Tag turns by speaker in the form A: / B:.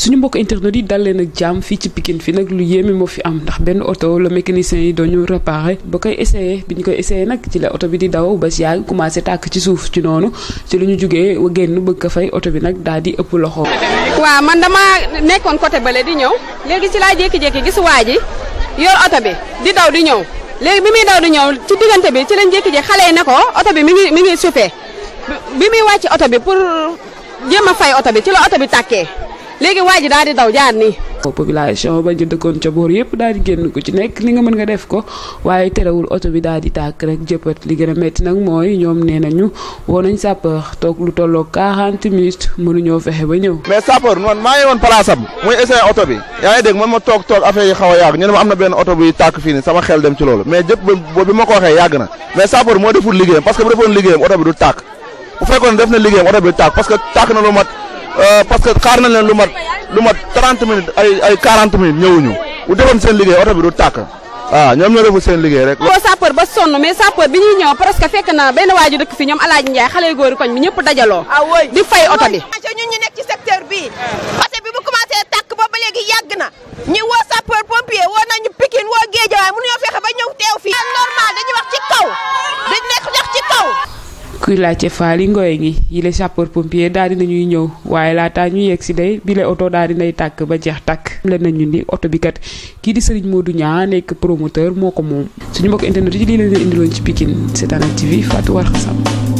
A: suñu mbokk internet yi dal leen ak jàmm fii ci Pikine fi nag lu yéeme moo fi am ndax benn oto la mécanicien yi doon ñu réparé ba koy essayé bi ñu koy essayé nag ci la oto bi di daw ba commencé tàkk ci suuf ci noonu ci lu ñu jugee génn bëgg ko fay oto bi nag daal di ëpp loxo.
B: waaw man damaa nekkoon côté bële di ñëw léegi ci laa jékki-jékki gis waa ji oto bi di daw di ñëw léegi bi muy daw di ñëw ci diggante bi ci lañ jékki-jékki xale yi ne ko oto bi mi ngi mi ngi suufee bi muy wàcc oto bi pour jéem a fay oto bi ci la oto bi tàkkee léegi waa daal di daw jaar nii
A: population ba ñu dëkkoon ca boor yëpp daal di génn ku ci nekk li nga mën nga def ko waaye terewul oto bi daal di tàkk rek jëppat li gën a metti nag mooy ñoom nee nañu woo nañ sapeur toog lu
C: tolloo 40 minutes mënuñoo fexe ba ñëw mais man maa ngi woon place am muy essayé oto bi yaa ngi dégg man ma toog toog affaire yi xaw a yàgg ñu ne ma am na benn oto tàkk fii sama xel dem ci loolu mais jëpp bi ma ko waxee yàgg na mais sapeur moo deful liggéeyam parce que bu defoon liggéeyam oto bi du tàkk bu fekkoon def na liggéeyam oto bi tàkk parce que tàkk na lu mat Euh, parce que xaar na leen lu mat lu mat 30 minutes ay ay 40 minutes ñëwuñu bu defoon seen liggéey oto bi du tàkk waaw ah, ñoom ñoo deful seen liggéey rek. koo
B: sapeur ba sonn mais sapeur bi ñuy ñëw presque fekk na benn waaju dëkk fi ñoom Alaaji Njaay xale góoru koñ bi ñëpp dajaloo.
D: Ah, di fay oto bi
A: kuy laajte faali ngoye ngi yile sapeur pompier daal dinañuy ñëw waaye laata ñu yegg si day bile oto daal dinay tàkk ba jeex tàkk leen nañu ni oto bi kat kii di Serigne moo Niang nekk promoteur moo ko moom suñu mbokk internet yi lii leen indiloon ci Pikine c'est TV Fatou Warkha Sam